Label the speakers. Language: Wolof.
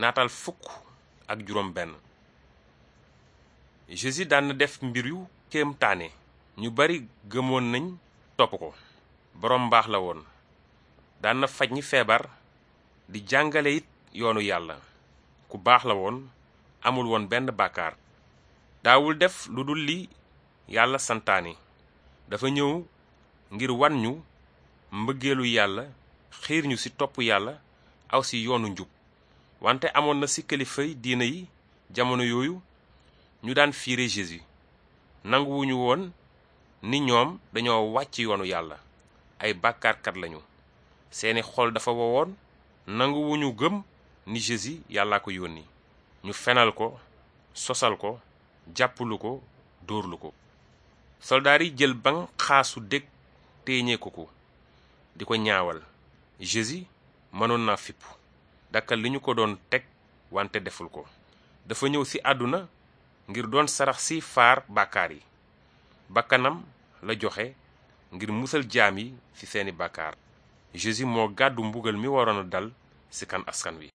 Speaker 1: naatal fukk ak juróom benn def mbir yu kéemtaane ñu bari gëmoon nañu topp ko boroom mbaax la woon daan na faj ñi feebar di jàngale it yoonu yàlla ku baax la woon amul woon benn bàkkaar daawul def lu dul li yàlla santaani dafa ñëw ngir wan ñu mbëggeelu yàlla xiir ñu ci topp yàlla aw ci yoonu njub wante amoon na ci kilifay diina yi jamono yooyu ñu daan fiire Jésus nanguwuñu woon ni ñoom dañoo wàcc yoonu yàlla ay bàkkaarkat lañu seeni xool dafa wowoon nanguwuñu gëm ni Jésus yàllaa ko yónni ñu fenal ko sosal ko jàppalu ko dóorlu ko soldaar yi jël ban xaasu dég téeñee ko ko di ko ñaawal Jésus mënoon na fipp dakkal li ñu ko doon teg wante deful ko dafa ñëw ci àdduna ngir doon sarax si faar bàkkaar yi bakkanam la joxe ngir musal jaam yi ci seeni bàkkaar Jésus moo gàddu mbugal mi waroon a dal ci kan askan wi